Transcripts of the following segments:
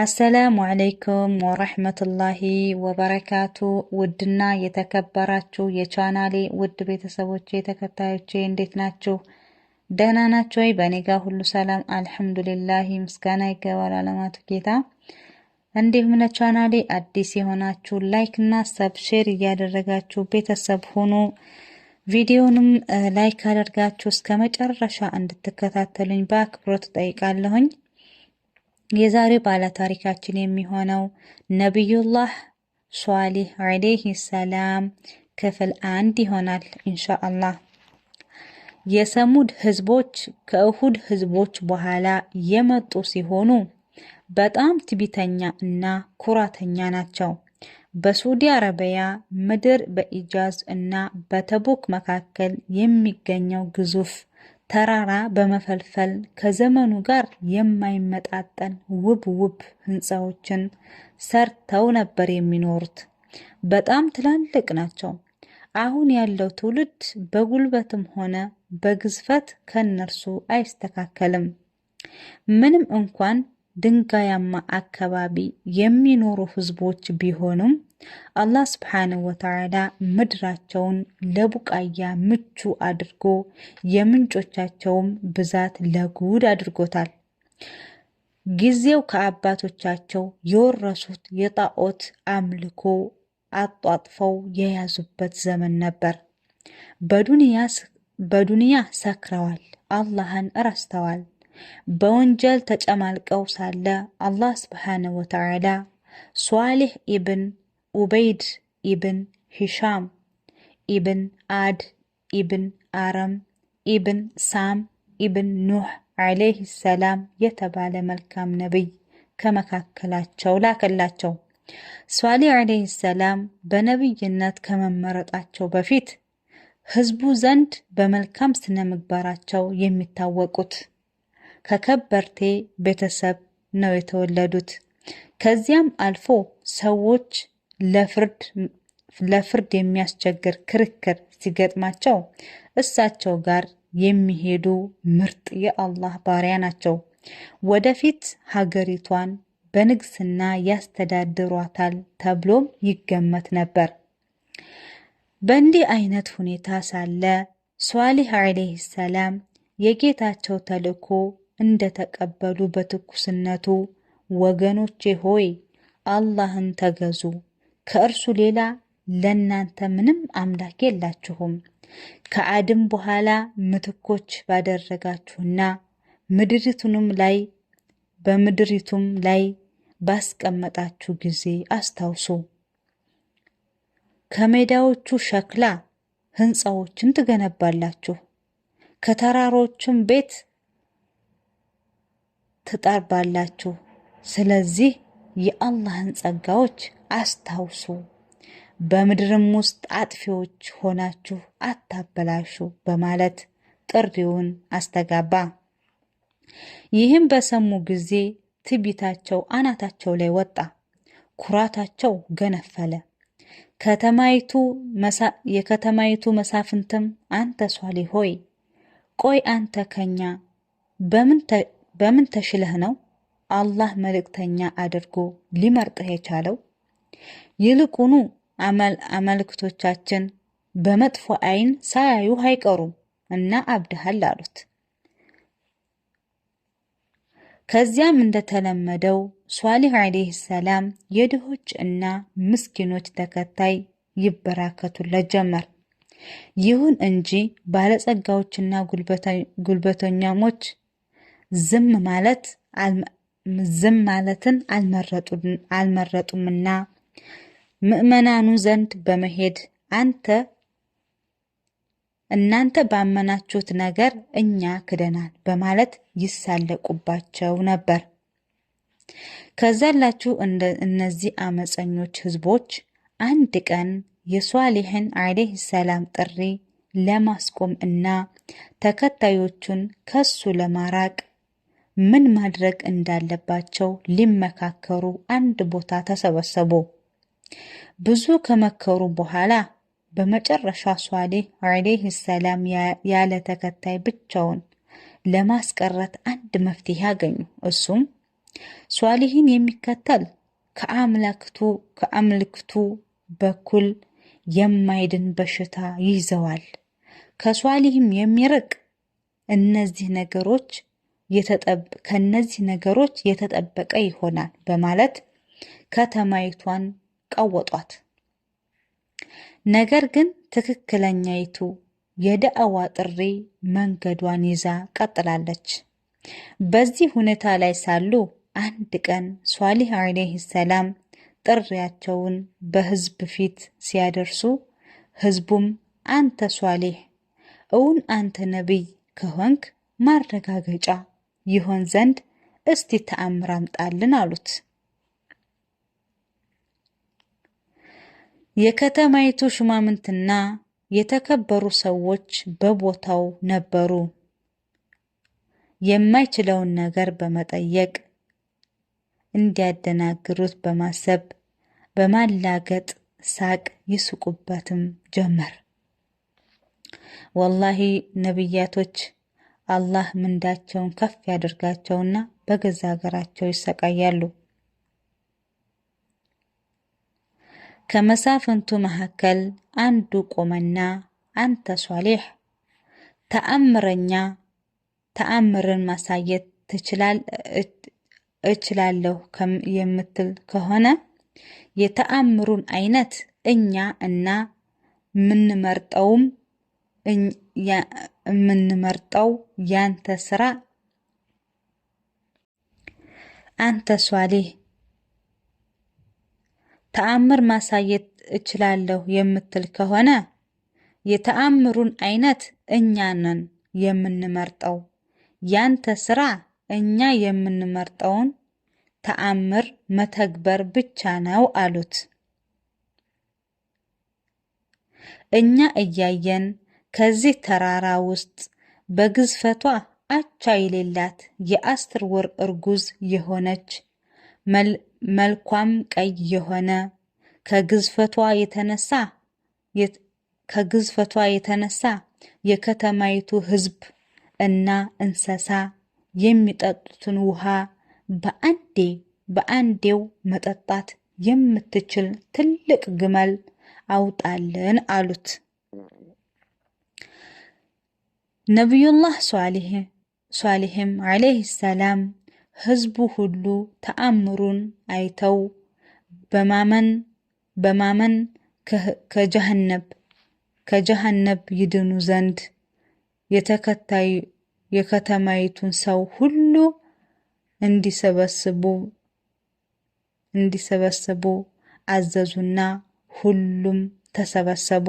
አሰላሙ አለይኩም ወረህመቱላሂ ወበረካቱ። ውድና የተከበራችሁ የቻናሌ ውድ ቤተሰቦቼ ተከታዮቼ እንዴት ናችሁ? ደህና ናችሁ ወይ? በእኔ ጋ ሁሉ ሰላም አልሐምዱሊላሂ። ምስጋና ይገባል አለማቱ ጌታ። እንዲሁም ለቻናሌ አዲስ የሆናችሁ ላይክ እና ሰብ ሼር እያደረጋችሁ ቤተሰብ ሁኑ። ቪዲዮንም ላይክ አደርጋችሁ እስከ መጨረሻ እንድትከታተሉኝ በአክብሮት ጠይቃለሁኝ። የዛሬው ባለታሪካችን የሚሆነው ነቢዩላህ ሷሊህ ዐለይሂ ሰላም ክፍል አንድ ይሆናል ኢንሻአላህ። የሰሙድ ህዝቦች ከእሁድ ህዝቦች በኋላ የመጡ ሲሆኑ በጣም ትቢተኛ እና ኩራተኛ ናቸው። በሳዑዲ አረቢያ ምድር በኢጃዝ እና በተቡክ መካከል የሚገኘው ግዙፍ ተራራ በመፈልፈል ከዘመኑ ጋር የማይመጣጠን ውብ ውብ ህንፃዎችን ሰርተው ነበር የሚኖሩት። በጣም ትላልቅ ናቸው። አሁን ያለው ትውልድ በጉልበትም ሆነ በግዝፈት ከነርሱ አይስተካከልም። ምንም እንኳን ድንጋያማ አካባቢ የሚኖሩ ህዝቦች ቢሆኑም አላህ ስብሓንሁ ወተዓላ ምድራቸውን ለቡቃያ ምቹ አድርጎ የምንጮቻቸውም ብዛት ለጉድ አድርጎታል። ጊዜው ከአባቶቻቸው የወረሱት የጣዖት አምልኮ አጧጥፈው የያዙበት ዘመን ነበር። በዱንያ ሰክረዋል፣ አላህን ራስተዋል። በወንጀል ተጨማልቀው ሳለ አላህ ስብሓነሁ ወተዓላ ሷሊሕ ኢብን ኡበይድ ኢብን ሂሻም ኢብን አድ ኢብን አረም ኢብን ሳም ኢብን ኑህ ዓለይህ ሰላም የተባለ መልካም ነቢይ ከመካከላቸው ላከላቸው። ሷሊህ ዓለይህ ሰላም በነቢይነት ከመመረጣቸው በፊት ህዝቡ ዘንድ በመልካም ስነ ምግባራቸው የሚታወቁት ከከበርቴ ቤተሰብ ነው የተወለዱት። ከዚያም አልፎ ሰዎች ለፍርድ ለፍርድ የሚያስቸግር ክርክር ሲገጥማቸው እሳቸው ጋር የሚሄዱ ምርጥ የአላህ ባሪያ ናቸው። ወደፊት ሀገሪቷን በንግስና ያስተዳድሯታል ተብሎም ይገመት ነበር። በእንዲህ አይነት ሁኔታ ሳለ ሷሊህ ዓለይሂ ሰላም የጌታቸው ተልእኮ እንደተቀበሉ በትኩስነቱ ወገኖቼ ሆይ አላህን ተገዙ፣ ከእርሱ ሌላ ለእናንተ ምንም አምላክ የላችሁም። ከአድም በኋላ ምትኮች ባደረጋችሁና ምድሪቱንም ላይ በምድሪቱም ላይ ባስቀመጣችሁ ጊዜ አስታውሱ። ከሜዳዎቹ ሸክላ ሕንፃዎችን ትገነባላችሁ፣ ከተራሮችም ቤት ትጠርባላችሁ። ስለዚህ የአላህን ጸጋዎች አስታውሱ። በምድርም ውስጥ አጥፊዎች ሆናችሁ አታበላሹ በማለት ጥሪውን አስተጋባ። ይህም በሰሙ ጊዜ ትቢታቸው አናታቸው ላይ ወጣ፣ ኩራታቸው ገነፈለ። የከተማይቱ መሳፍንትም አንተ ሷሊ ሆይ ቆይ አንተ ከኛ በምን በምን ተሽለህ ነው አላህ መልእክተኛ አድርጎ ሊመርጥህ የቻለው? ይልቁኑ አመልክቶቻችን በመጥፎ አይን ሳያዩ አይቀሩም እና አብድሃል አሉት። ከዚያም እንደተለመደው ሷሊህ ዓለይሂ ሰላም የድሆች እና ምስኪኖች ተከታይ ይበራከቱለት ጀመር። ይሁን እንጂ ባለጸጋዎችና ጉልበተኛሞች ዝም ማለት ዝም ማለትን አልመረጡምና ምእመናኑ ዘንድ በመሄድ አንተ እናንተ ባመናችሁት ነገር እኛ ክደናል በማለት ይሳለቁባቸው ነበር። ከዛላችሁ እነዚህ አመፀኞች ህዝቦች አንድ ቀን የሷሊህን አሌህ ሰላም ጥሪ ለማስቆም እና ተከታዮቹን ከሱ ለማራቅ ምን ማድረግ እንዳለባቸው ሊመካከሩ አንድ ቦታ ተሰበሰቡ። ብዙ ከመከሩ በኋላ በመጨረሻ ሷሌህ ዐለይሂ ሰላም ያለ ተከታይ ብቻውን ለማስቀረት አንድ መፍትሄ አገኙ። እሱም ሷሊህን የሚከተል ከአምላክቱ ከአምልክቱ በኩል የማይድን በሽታ ይይዘዋል። ከሷሊህም የሚርቅ እነዚህ ነገሮች ከእነዚህ ነገሮች የተጠበቀ ይሆናል በማለት ከተማይቷን ቀወጧት። ነገር ግን ትክክለኛይቱ የደአዋ ጥሪ መንገዷን ይዛ ቀጥላለች። በዚህ ሁኔታ ላይ ሳሉ አንድ ቀን ሷሊህ ዓለይሂ ሰላም ጥሪያቸውን በህዝብ ፊት ሲያደርሱ ህዝቡም አንተ ሷሊህ እውን አንተ ነቢይ ከሆንክ ማረጋገጫ ይሆን ዘንድ እስቲ ተአምር አምጣልን አሉት። የከተማይቱ ሹማምንትና የተከበሩ ሰዎች በቦታው ነበሩ። የማይችለውን ነገር በመጠየቅ እንዲያደናግሩት በማሰብ በማላገጥ ሳቅ ይስቁበትም ጀመር። ወላሂ ነብያቶች አላህ ምንዳቸውን ከፍ ያደርጋቸውና በገዛ ሀገራቸው ይሰቃያሉ። ከመሳፍንቱ መካከል አንዱ ቆመና አንተ ሷሊሕ ተአምረኛ ተአምርን ማሳየት ትችላል እችላለሁ የምትል ከሆነ የተአምሩን አይነት እኛ እና ምንመርጠውም የምንመርጠው ያንተ ስራ አንተ ሷሌህ ተአምር ማሳየት እችላለሁ የምትል ከሆነ የተአምሩን አይነት እኛ ነን የምንመርጠው። ያንተ ስራ እኛ የምንመርጠውን ተአምር መተግበር ብቻ ነው አሉት። እኛ እያየን ከዚህ ተራራ ውስጥ በግዝፈቷ አቻ የሌላት የአስር ወር እርጉዝ የሆነች መልኳም ቀይ የሆነ ከግዝፈቷ የተነሳ ከግዝፈቷ የተነሳ የከተማይቱ ሕዝብ እና እንስሳ የሚጠጡትን ውሃ በአንዴ በአንዴው መጠጣት የምትችል ትልቅ ግመል አውጣልን አሉት። ነቢዩላህ ሷሊህም ዓለይሂ ሰላም ሕዝቡ ሁሉ ተአምሩን አይተው በማመን ከጀሃነብ ይድኑ ዘንድ የከተማይቱን ሰው ሁሉ እንዲሰበስቡ አዘዙና ሁሉም ተሰበሰቡ።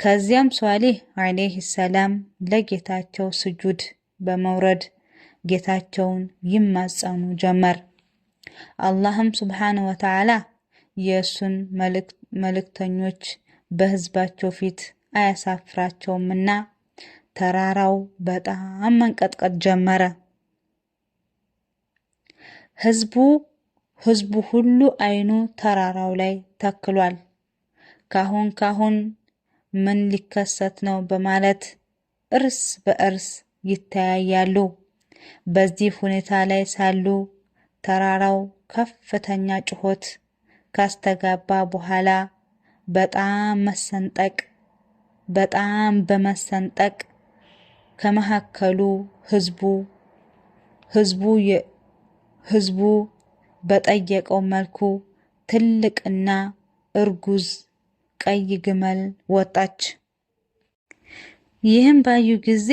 ከዚያም ሷሊህ ዓለይህ ሰላም ለጌታቸው ስጁድ በመውረድ ጌታቸውን ይማጸኑ ጀመር። አላህም ስብሓነ ወተዓላ የእሱን መልእክተኞች በህዝባቸው ፊት አያሳፍራቸውምና ተራራው በጣም መንቀጥቀጥ ጀመረ። ህዝቡ ህዝቡ ሁሉ አይኑ ተራራው ላይ ተክሏል። ካሁን ካሁን ምን ሊከሰት ነው በማለት እርስ በእርስ ይተያያሉ። በዚህ ሁኔታ ላይ ሳሉ ተራራው ከፍተኛ ጩኸት ካስተጋባ በኋላ በጣም መሰንጠቅ በጣም በመሰንጠቅ ከመካከሉ ህዝቡ ህዝቡ ህዝቡ በጠየቀው መልኩ ትልቅና እርጉዝ ቀይ ግመል ወጣች። ይህም ባዩ ጊዜ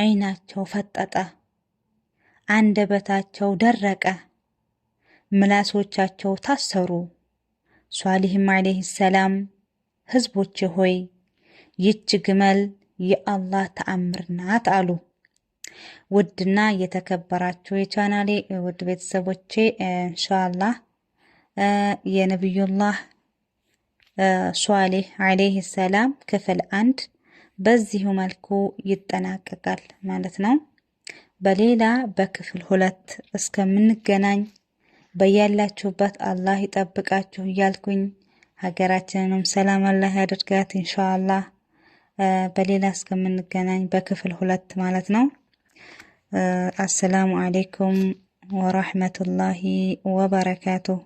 ዓይናቸው ፈጠጠ፣ አንደበታቸው ደረቀ፣ ምላሶቻቸው ታሰሩ። ሷሊህም ዓለይሂ ሰላም ህዝቦች ሆይ ይች ግመል የአላህ ተአምር ናት አሉ። ውድና የተከበራችሁ የቻናሌ ውድ ቤተሰቦቼ ኢንሻአላህ የነብዩላህ ሷሌህ ዓለይህ ሰላም ክፍል አንድ በዚሁ መልኩ ይጠናቀቃል ማለት ነው። በሌላ በክፍል ሁለት እስከምንገናኝ በያላችሁበት አላህ ይጠብቃችሁ እያልኩኝ ሀገራችንንም ሰላም አላህ ያደርጋት ኢንሻአላህ። በሌላ እስከምንገናኝ በክፍል ሁለት ማለት ነው። አሰላሙ አሌይኩም ወራህመቱላሂ ወበረካቱሁ።